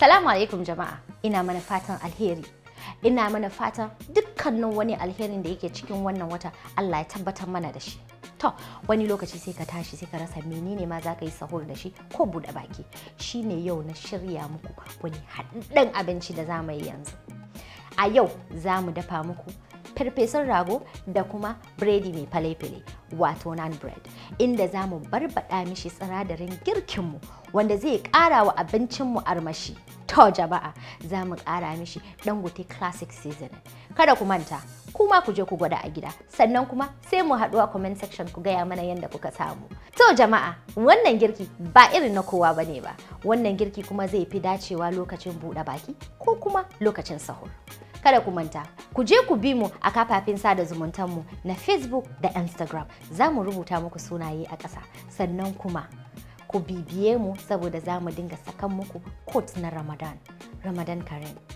Salamu alaikum jama'a, ina mana fatan alheri. Ina mana fatan dukkanin wani alherin da yake cikin wannan wata Allah ya tabbatar mana da shi. To, wani lokaci sai ka tashi sai ka rasa menene ma za ka yi sahur da shi ko buɗe baki. Shi ne yau na shirya muku wani haɗin abinci da za mu yi yanzu. A yau za mu dafa muku farfesun rago da kuma biredi mai fale-fale wato nan bread inda za mu barbaɗa mishi tsiradarin girkinmu wanda zai ƙara wa abincinmu armashi to jama'a za mu kara mishi dangote classic seasoning kada ku manta kuma ku je ku gwada a gida sannan kuma sai mu haɗu a comment section ku gaya mana yadda kuka samu to jama'a wannan girki ba irin na kowa bane ba wannan girki kuma zai fi dacewa lokacin buɗe baki ko kuma lokacin sahur kada ku manta ku je ku bi mu a kafafen sada mu na facebook da instagram za mu rubuta muku sunaye a ƙasa sannan kuma ku bibiye mu saboda za mu dinga sakan muku kot na ramadan ramadan karim